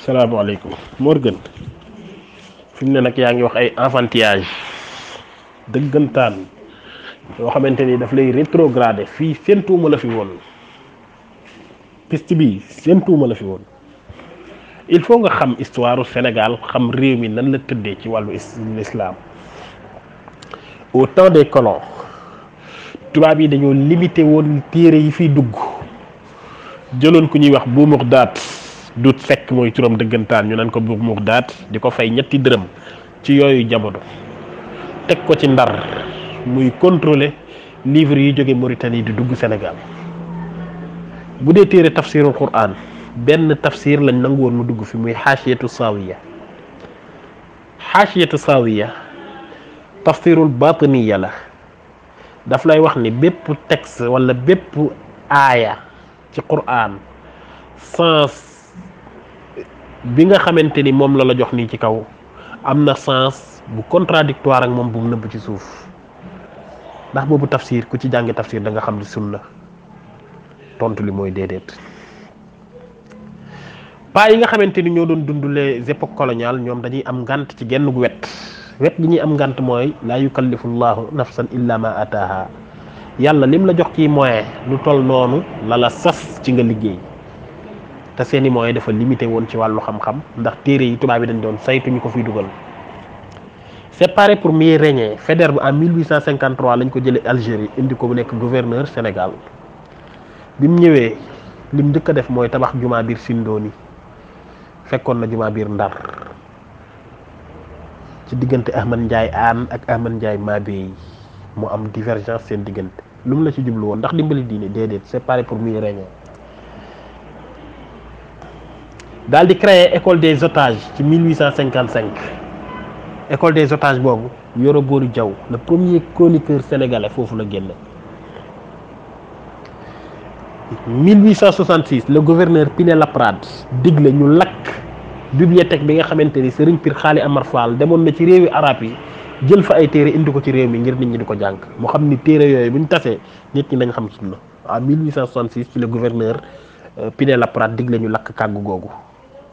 salaamaaleykum Morgan fi mu ne nag yaa ngi wax ay enfantillage dëggantaan yoo xamante ni daf lay rétrogradé fii séentuuma la fi woon piste bi séentuuma la fi woon il faut nga xam histoire Sénégal xam réew mi nan la tëddee ci wàllu islam au temps des colons tubaab yi dañoo limité woon téere yi fiy dugg jëloon ko ñuy wax bu daat dut sek mooy turam dëggantaan ñu nan ko bu mu daat di ko fay ñetti dërëm ci yooyu jamono teg ko ci ndar muy contrôler livre yi jóge Mauritanie di dugg Sénégal bu dee téere tafsirul Qur'an benn tafsir lañ nangu woon mu dugg fi muy xaasiyatu saawiya xaasiyatu saawiya tafsirul batiniya la daf lay wax ni bépp texte wala bépp aaya ci Qur'an sens bi nga xamanteni mom la la jox ni ci kaw amna sens bu contradictoire ak mom bu neub ci souf ndax bobu tafsir ku ci jàngi tafsir da nga xam sunna tontu li moy dedet pa yi nga xamanteni ni ñoo doon dund époque coloniale ñom dañuy am ngànt ci genn gu wet wet gi ñi am ngànt moy la yukallifu nafsan illa ma ataha yalla lim la jox ci moyen lu tol nonu la la sas ci nga liggéey te seen i dafa limité won ci walu xam-xam ndax téré yi tubaab yi dañ doon saytu ñu ko fiy dugal séparé pour mieux régner Faidherbe en 1853 lañ ko jëlé Algérie indi ko bu nekk gouverneur Sénégal bi ñëwé ñëwee lim njëkk a def mooy tabax jumaa biir Sindooni fekkoon na juma bir Ndar ci digënté ahmed ndjay am ak ahmed ndjay mabé mu am divergence seen diggante lu la ci jublu won ndax dimbali diiné déedéet séparé pour mieux régner. dal di créer école des otages ci 1855 école des otages boobu Yoro boru Diaw le premier chroniqueur sénégalais fofu la génne 1866 le gouverneur Pinet Laprade digle ñu lak bibliothèque bi nga xamanteni Serigne Pir Xaali Amar Fall demone na ci réewi arab yi jël fa ay téré indi ko ci réew mi ngir nit ñi diko ko mu xam ni téere yooyu bu nit ñi dañ xam sunna en 1866 ci le gouverneur euh, Pinet Laprade digle ñu lak kàggu googu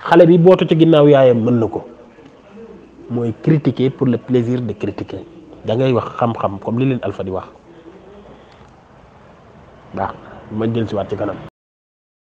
xalé bi bootu ci ginnaw yaayam mën na moy critiquer pour le plaisir de critiquer da ngay wax xam-xam comme li len alpha di wax baax ma jël si wat ci kanam